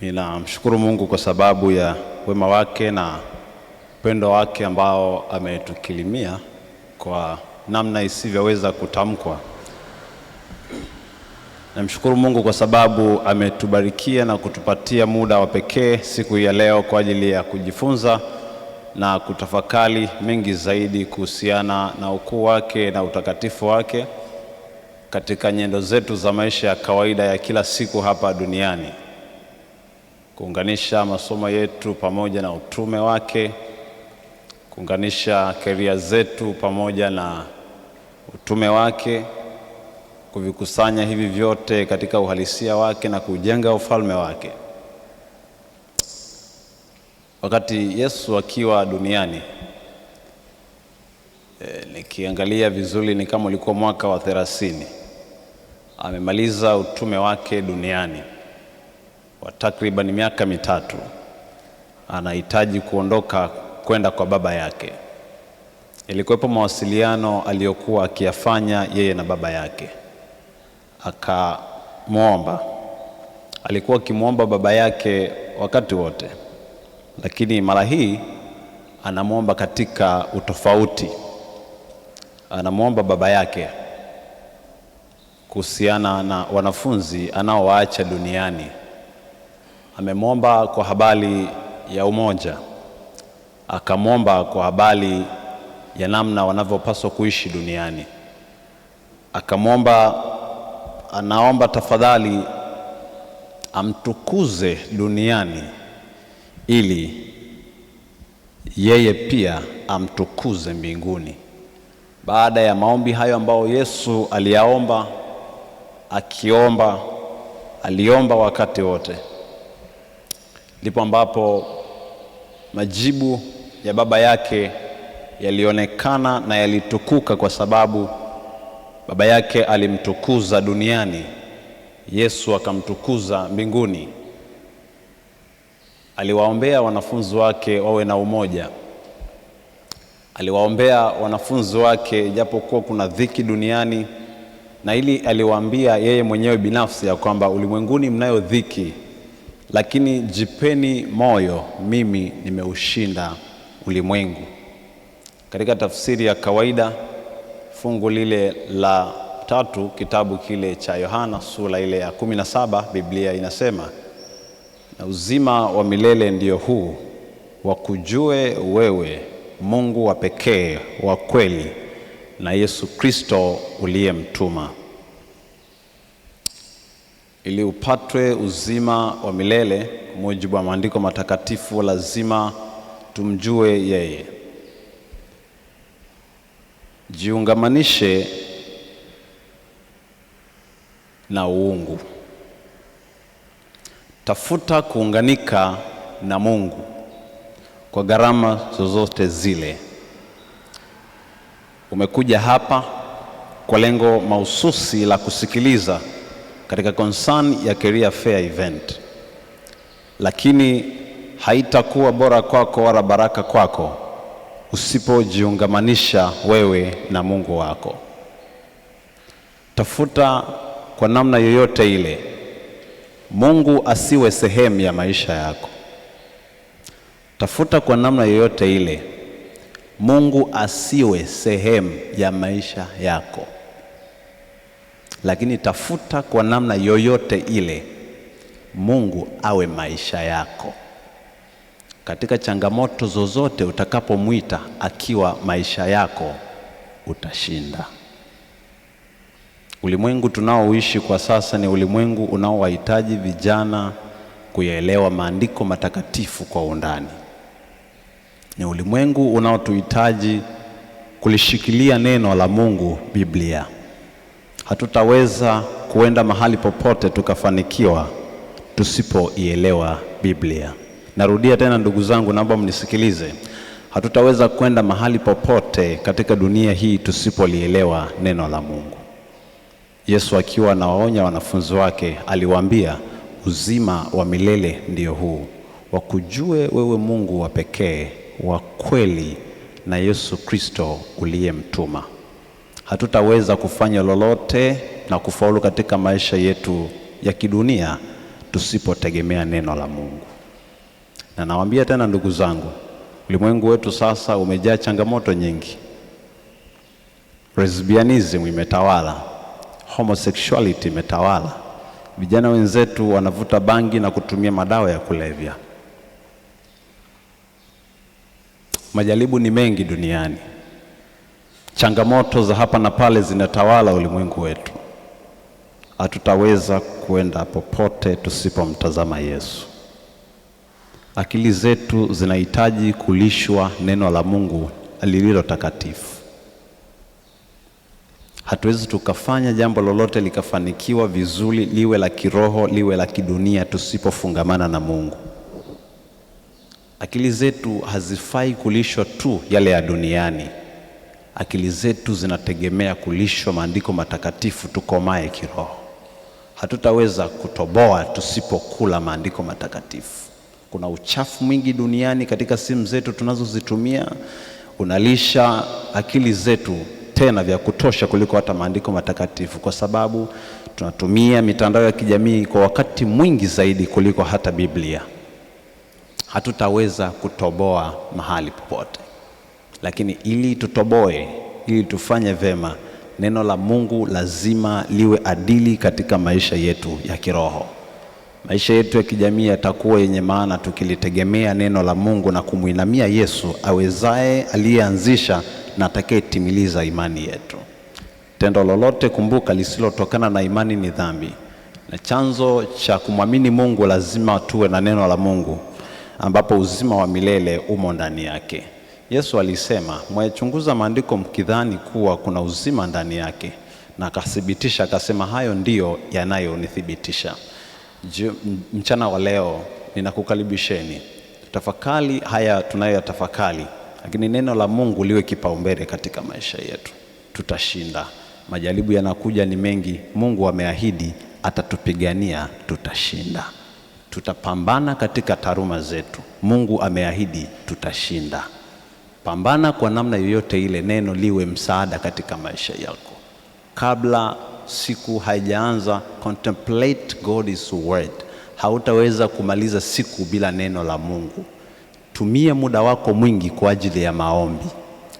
Ninamshukuru Mungu kwa sababu ya wema wake na upendo wake ambao ametukilimia kwa namna isivyoweza kutamkwa. Namshukuru Mungu kwa sababu ametubarikia na kutupatia muda wa pekee siku ya leo kwa ajili ya kujifunza na kutafakari mengi zaidi kuhusiana na ukuu wake na utakatifu wake katika nyendo zetu za maisha ya kawaida ya kila siku hapa duniani kuunganisha masomo yetu pamoja na utume wake, kuunganisha keria zetu pamoja na utume wake, kuvikusanya hivi vyote katika uhalisia wake na kujenga ufalme wake. Wakati Yesu akiwa duniani e, nikiangalia vizuri ni kama ulikuwa mwaka wa thelathini amemaliza utume wake duniani kwa takriban miaka mitatu anahitaji kuondoka kwenda kwa baba yake. Ilikuwepo mawasiliano aliyokuwa akiyafanya yeye na baba yake, akamwomba. Alikuwa akimwomba baba yake wakati wote, lakini mara hii anamwomba katika utofauti, anamwomba baba yake kuhusiana na wanafunzi anaowaacha duniani amemwomba kwa habari ya umoja, akamwomba kwa habari ya namna wanavyopaswa kuishi duniani, akamwomba, anaomba tafadhali amtukuze duniani ili yeye pia amtukuze mbinguni. Baada ya maombi hayo ambayo Yesu aliyaomba, akiomba, aliomba wakati wote ndipo ambapo majibu ya baba yake yalionekana na yalitukuka, kwa sababu baba yake alimtukuza duniani, Yesu akamtukuza mbinguni. Aliwaombea wanafunzi wake wawe na umoja, aliwaombea wanafunzi wake japokuwa kuna dhiki duniani, na ili aliwaambia yeye mwenyewe binafsi ya kwamba ulimwenguni mnayo dhiki lakini jipeni moyo, mimi nimeushinda ulimwengu. Katika tafsiri ya kawaida fungu lile la tatu kitabu kile cha Yohana sura ile ya 17 Biblia inasema, na uzima wa milele ndio huu wakujue wewe Mungu wa pekee wa kweli na Yesu Kristo uliyemtuma ili upatwe uzima wa milele kwa mujibu wa maandiko matakatifu, lazima tumjue yeye. Jiungamanishe na uungu, tafuta kuunganika na Mungu kwa gharama zozote zile. Umekuja hapa kwa lengo mahususi la kusikiliza katika concern ya career fair event, lakini haitakuwa bora kwako wala baraka kwako usipojiungamanisha wewe na Mungu wako. Tafuta kwa namna yoyote ile Mungu asiwe sehemu ya maisha yako. Tafuta kwa namna yoyote ile Mungu asiwe sehemu ya maisha yako lakini tafuta kwa namna yoyote ile Mungu awe maisha yako katika changamoto zozote. Utakapomwita akiwa maisha yako, utashinda. Ulimwengu tunaoishi kwa sasa ni ulimwengu unaowahitaji vijana kuyaelewa maandiko matakatifu kwa undani. Ni ulimwengu unaotuhitaji kulishikilia neno la Mungu, Biblia. Hatutaweza kuenda mahali popote tukafanikiwa tusipoielewa Biblia. Narudia tena, ndugu zangu, naomba mnisikilize. Hatutaweza kwenda mahali popote katika dunia hii tusipolielewa neno la Mungu. Yesu akiwa anawaonya wanafunzi wake aliwaambia, uzima wa milele ndio huu, wakujue wewe Mungu wa pekee wa kweli na Yesu Kristo uliyemtuma hatutaweza kufanya lolote na kufaulu katika maisha yetu ya kidunia tusipotegemea neno la Mungu. Na nawaambia tena ndugu zangu, ulimwengu wetu sasa umejaa changamoto nyingi. Lesbianism imetawala, homosexuality imetawala, vijana wenzetu wanavuta bangi na kutumia madawa ya kulevya. Majaribu ni mengi duniani. Changamoto za hapa na pale zinatawala ulimwengu wetu. Hatutaweza kwenda popote tusipomtazama Yesu. Akili zetu zinahitaji kulishwa neno la Mungu lililo takatifu. Hatuwezi tukafanya jambo lolote likafanikiwa vizuri, liwe la kiroho, liwe la kidunia, tusipofungamana na Mungu. Akili zetu hazifai kulishwa tu yale ya duniani akili zetu zinategemea kulishwa maandiko matakatifu tukomae kiroho. Hatutaweza kutoboa tusipokula maandiko matakatifu. Kuna uchafu mwingi duniani katika simu zetu tunazozitumia, unalisha akili zetu tena vya kutosha kuliko hata maandiko matakatifu, kwa sababu tunatumia mitandao ya kijamii kwa wakati mwingi zaidi kuliko hata Biblia. Hatutaweza kutoboa mahali popote. Lakini ili tutoboe, ili tufanye vema, neno la Mungu lazima liwe adili katika maisha yetu ya kiroho. Maisha yetu ya kijamii yatakuwa yenye maana tukilitegemea neno la Mungu na kumwinamia Yesu awezaye, aliyeanzisha na atakayetimiliza imani yetu. Tendo lolote, kumbuka, lisilotokana na imani ni dhambi, na chanzo cha kumwamini Mungu lazima tuwe na neno la Mungu ambapo uzima wa milele umo ndani yake. Yesu alisema, mwayachunguza maandiko mkidhani kuwa kuna uzima ndani yake, na akathibitisha akasema, hayo ndiyo yanayonithibitisha. Mchana wa leo ninakukaribisheni tafakali haya tunayoyatafakali lakini neno la Mungu liwe kipaumbele katika maisha yetu. Tutashinda. Majaribu yanakuja ni mengi, Mungu ameahidi atatupigania. Tutashinda, tutapambana katika taruma zetu. Mungu ameahidi tutashinda. Pambana kwa namna yoyote ile, neno liwe msaada katika maisha yako. Kabla siku haijaanza, contemplate God's word. Hautaweza kumaliza siku bila neno la Mungu. Tumia muda wako mwingi kwa ajili ya maombi.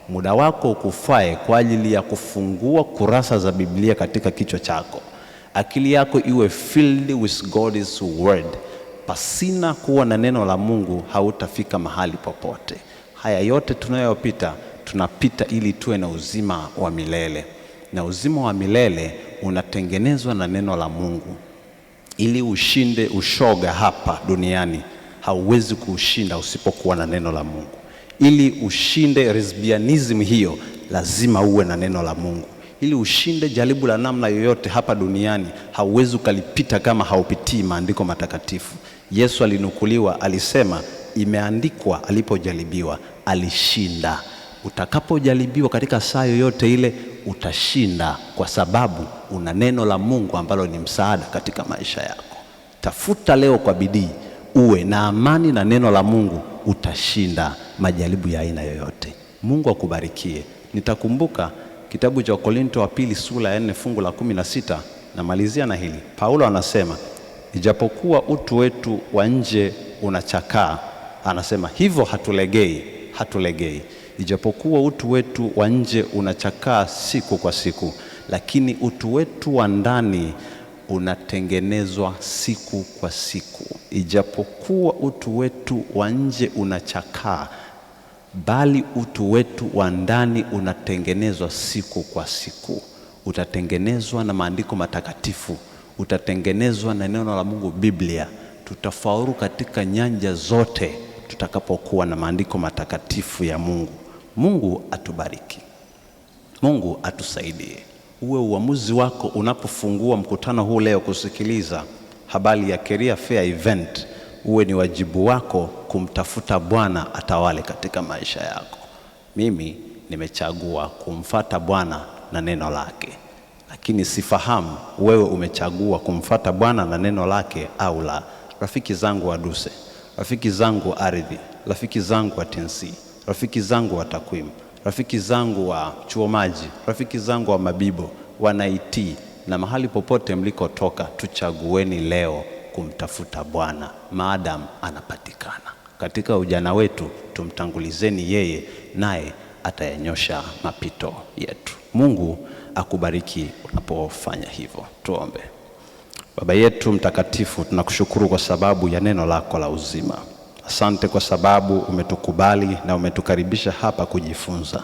Muda wako ukufae kwa ajili ya kufungua kurasa za Biblia katika kichwa chako. Akili yako iwe filled with God's word. Pasina kuwa na neno la Mungu hautafika mahali popote. Haya yote tunayopita tunapita ili tuwe na uzima wa milele, na uzima wa milele unatengenezwa na neno la Mungu. Ili ushinde ushoga hapa duniani, hauwezi kuushinda usipokuwa na neno la Mungu. Ili ushinde lesbianism hiyo, lazima uwe na neno la Mungu. Ili ushinde jaribu la namna yoyote hapa duniani, hauwezi ukalipita kama haupitii maandiko matakatifu. Yesu alinukuliwa, alisema imeandikwa alipojaribiwa alishinda. Utakapojaribiwa katika saa yoyote ile utashinda, kwa sababu una neno la Mungu ambalo ni msaada katika maisha yako. Tafuta leo kwa bidii, uwe na amani na neno la Mungu, utashinda majaribu ya aina yoyote. Mungu akubarikie. Nitakumbuka kitabu cha Wakorintho wa pili sura ya 4 fungu la kumi na sita. Namalizia na hili, Paulo anasema ijapokuwa utu wetu wa nje unachakaa Anasema hivyo hatulegei, hatulegei, ijapokuwa utu wetu wa nje unachakaa siku kwa siku, lakini utu wetu wa ndani unatengenezwa siku kwa siku. Ijapokuwa utu wetu wa nje unachakaa, bali utu wetu wa ndani unatengenezwa siku kwa siku. Utatengenezwa na maandiko matakatifu, utatengenezwa na neno la Mungu, Biblia. Tutafaulu katika nyanja zote tutakapokuwa na maandiko matakatifu ya Mungu. Mungu atubariki, Mungu atusaidie. Uwe uamuzi wako unapofungua mkutano huu leo kusikiliza habari ya Career Fair event, uwe ni wajibu wako kumtafuta Bwana atawale katika maisha yako. Mimi nimechagua kumfata Bwana na neno lake, lakini sifahamu wewe umechagua kumfata Bwana na neno lake au la. Rafiki zangu waduse rafiki zangu wa ardhi, rafiki zangu wa tnc rafiki zangu wa takwimu, rafiki zangu wa chuo maji, rafiki zangu wa mabibo, wanaitii na mahali popote mlikotoka, tuchagueni leo kumtafuta Bwana maadamu anapatikana katika ujana wetu. Tumtangulizeni yeye, naye atayanyosha mapito yetu. Mungu akubariki unapofanya hivyo. Tuombe. Baba yetu mtakatifu, tunakushukuru kwa sababu ya neno lako la uzima. Asante kwa sababu umetukubali na umetukaribisha hapa kujifunza.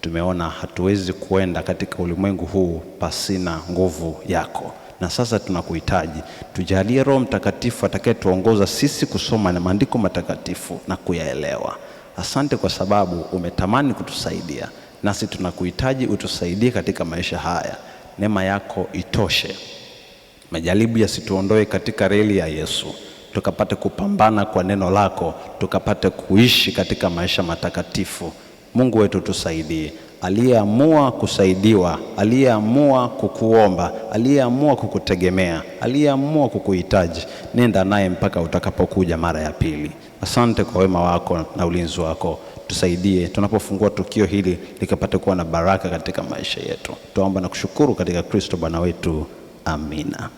Tumeona hatuwezi kuenda katika ulimwengu huu pasina nguvu yako, na sasa tunakuhitaji. Tujalie Roho Mtakatifu atakayetuongoza sisi kusoma na maandiko matakatifu na kuyaelewa. Asante kwa sababu umetamani kutusaidia, nasi tunakuhitaji utusaidie katika maisha haya. Neema yako itoshe. Majaribu yasituondoe katika reli ya Yesu, tukapate kupambana kwa neno lako, tukapate kuishi katika maisha matakatifu. Mungu wetu tusaidie, aliyeamua kusaidiwa, aliyeamua kukuomba, aliyeamua kukutegemea, aliyeamua kukuhitaji, nenda naye mpaka utakapokuja mara ya pili. Asante kwa wema wako na ulinzi wako. Tusaidie tunapofungua tukio hili likapate kuwa na baraka katika maisha yetu. Tuomba na kushukuru katika Kristo Bwana wetu. Amina.